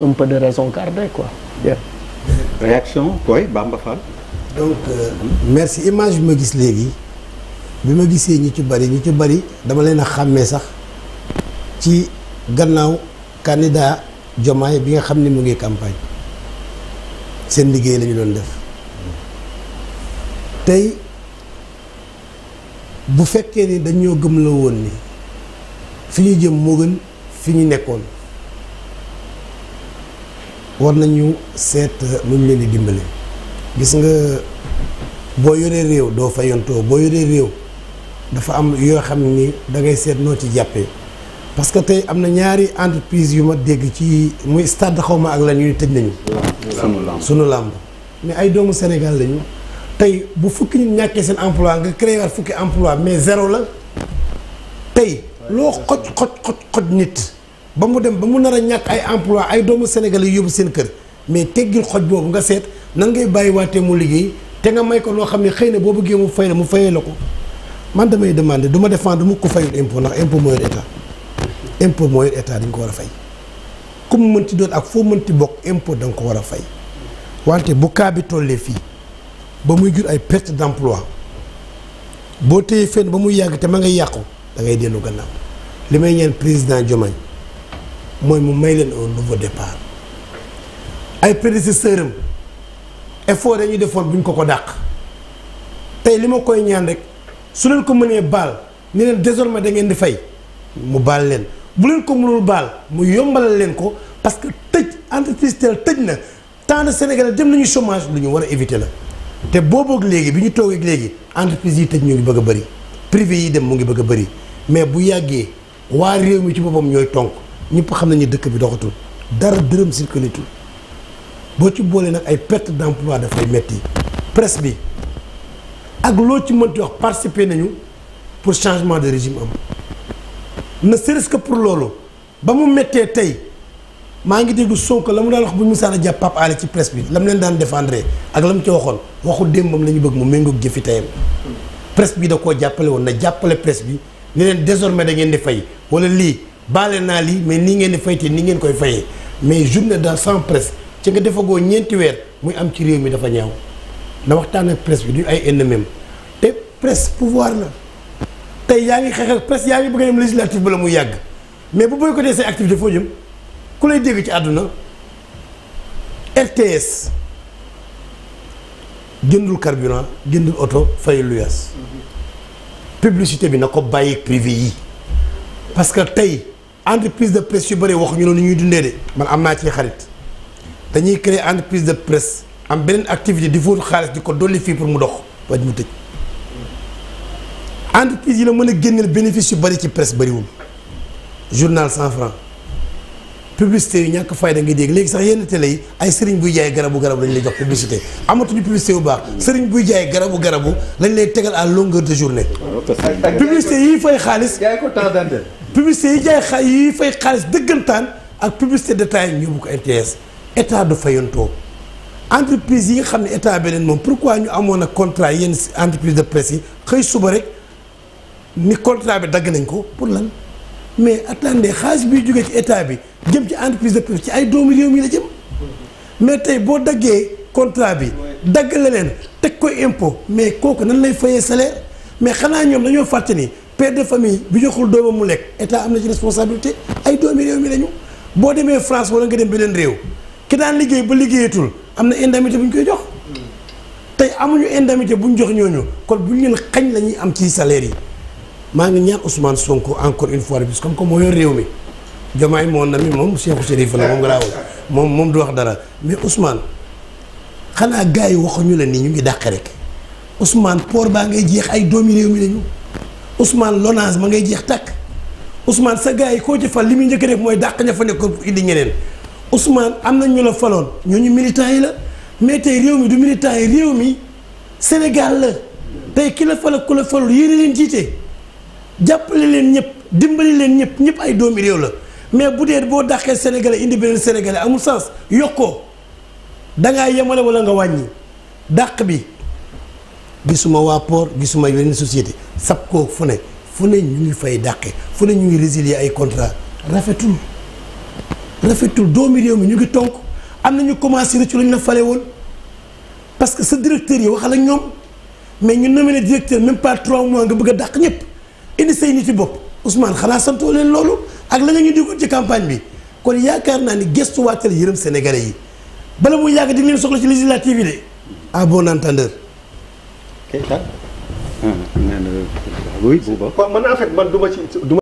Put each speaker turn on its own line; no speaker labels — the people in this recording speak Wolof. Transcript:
un peu de quoi. Yeah. réaction koy Bamba Fall. donc euh, merci image bi ma gis léegi bi ma gisee ñi ci bari ñu ci bari dama leen a xàmmee sax ci gannaaw candidat jomaay bi nga xam ne mu ngi campagne seen liggéey la doon def tey bu fekkee ni dañoo gëm la woon ni fi ñu jëm moo gën fi ñu nekkoon. war nañu seet nuñ leen di dimbale gis nga boo yoree réew doo fa yontoo boo yoree réew dafa am yoo xam ni da ngay seet noo ci jàppee parce que tey am na ñaari entreprise yu ma dégg ci muy stade xaw ma ak la ñuy tëj nañu. sunu làmb mais ay doomu Sénégal lañu tey bu fukki nit ñàkkee seen emploi nga créé waat fukki emplois mais zéro la tey loo xoj xoj xoj xoj nit. ba mu dem ba mu nar a ñàkk ay emploi ay doomu Sénégal yi yóbbu seen kër mais teggil xoj boobu nga seet nan ngay bàyyiwaatee mu liggéey te nga may ko loo xam ne xëy na boo bëggee mu fay la mu fayee la ko man damay demander du ma défendre mu ko fayul impôt ndax impôt mooy état impôt mooy état dañ ko war a fay comme mu mënti doon ak foo mënti bokk impôt da ko war a fay wante bu kaa bi tollee fii ba muy jur ay perte d'emploi boo téye fenn ba muy yàgg te ma ngay yàqu da ngay dellu gannaaw li may ñaan président Diomaye mooy mu may leen un nouveau départ ay prédécesseur am effort dañuy defoon bu ñu ko ko dàq tey li ma koy ñaan rek su leen ko mënee baal ne leen désormais da ngeen di fay mu baal leen bu leen ko mënul baal mu yombalal leen ko parce que tëj entreprise teel tëj na tant de Sénégalais dem nañu chômage lu ñu war a éviter la te booboog léegi bi ñu toogee léegi entreprise yi tëj ñu ngi bëgg a bëri privé yi dem mu ngi bëgg a bëri mais bu yàggee waa réew mi ci boppam ñooy tonk ñëpp xam nañu dëkk bi doxatul dara dërëm circulé boo ci boolee nag ay perte d'emploi dafay metti presse bi ak loo ci mënti wax participer nañu pour changement de régime am ne serait-ce que pour loolu ba mu mettee tey maa ngi dégg Sonko la mu daan wax bu ñu musaan a jàpp Pape ci presse bi la mu leen daan défendre ak la mu ci waxoon waxu démbam la ñu bëgg mu méngoog jëfi tayam presse bi da koo jàppale woon na jàppale presse bi ne leen désormais da ngeen di fay wala lii baale naa lii mais ni ngeen di fay te nii ngeen koy fayee mais journée dans sans presse ci nga defagoo ñeenti weer muy am ci réew mi dafa ñaaw na waxtaan ak presse bi du ay ennemis te presse pouvoir na tey yaa ngi xeexal presse yaa ngi bëgg a dem législative ba la muy yàgg mais bu boycotté say activité foo jëm ku lay dégg ci àdduna RTS jëndul carburant jëndul oto fay luyaas mm-hmm. publicité bi na ko bàyyi privé yi parce que tey entreprise de presse yu bëri waxuñu ne ni ñuy dundee de man am naa ci xarit dañuy créer entreprise de presse am beneen activité di fóotu xaalis di ko dolli fii pour mu dox waj mu tëj entreprise yi la mën a génneel bénéfice yu bëri ci presse bariwul journal cent francs publicité yu ñàkk fayda nga dégg léegi sax yenn télé yi ay sëriñ buy jaay garabu garabu lañ lay jox publicité amatuñu publicité bu baax sëriñ buy jaay garabu garabu lañ lay tegal à longueur de journée. publicité yi fay xaalis. jaay ko temps d'antenne. publicité yi jaay xa yi fay xaalis dëggantaan ak publicité détail ñu bu ko RTS état du fayantoo entreprise yi nga xam ne état beneen moom pourquoi ñu amoon ak contrat yenn entreprise de presse yi xëy suba rek ni contrat bi dagg nañ ko pour lan. mais attendez xaalis biy jógee ci état bi jëm ci entreprise de ci ay doomu réew mi la jëm mais tey boo daggee contrat bi dagg la leen teg ko impôt mais kooku nan lay fayee salaire mais xanaa ñoom dañoo fàtte ni père de famille bi joxul doomam mu lekk état am na ci responsabilité ay doomi réew mi lañu boo demee France wala nga dem beneen réew ki daan liggéey ba liggéeyatul am na indemnité bu ñu koy jox tey amuñu indemnité bu ñu jox ñooñu kon bu ñu leen xañ la ñuy am ci salaire yi maa ngi ñaan Ousmane Sonko encore une fois de plus comme que moo réew mi Diomaye moo na mi moom Cheikhou Chérif la moom garaawul moom moom du wax dara mais Ousmane xanaa gars yi waxuñu la ni ñu ngi dàq rek Ousmane poor baa ngay jeex ay doomi réew mi lañu Ousmane lonage ma ngay jeex tàkk Ousmane sa gars yi koo ci fal li muy njëkk def mooy dàq ña fa nekkoon pour indi ñeneen Ousmane am na ñu la faloon ñooñu militants yi la mais tey réew mi du militants réew mi Sénégal tey ki la fal ak ku la jàppale leen ñëpp dimbali leen ñëpp ñëpp ay doomi réew la mais bu dee boo dàqee sénégalais indi beneen sénégalais amul sens yokkoo da ngaa yemale wala nga wàññi dàq bi gisuma waa gisuma yeneen société sab koo fu ne fu ne ñu ngi fay dàqe fu ne ñu ngi résilier ay contrat rafetul rafetul doomi réew mi ñu ngi tonk am na ñu commencé rëccu lañ la fale woon parce que sa directeur yi waxal ak ñoom mais ñu nominé directeur même pas trois mois nga bëgg a dàq ñëpp. indi say nit yi bopp Ousmane xanaa santoo leen loolu ak la nga ñu digoon ci campagne bi kon yaakaar naa ni gëstu waatal yërëm sénégalais yi bala muy yàgg di leen soxla ci législative yi de à bon entendeur. ma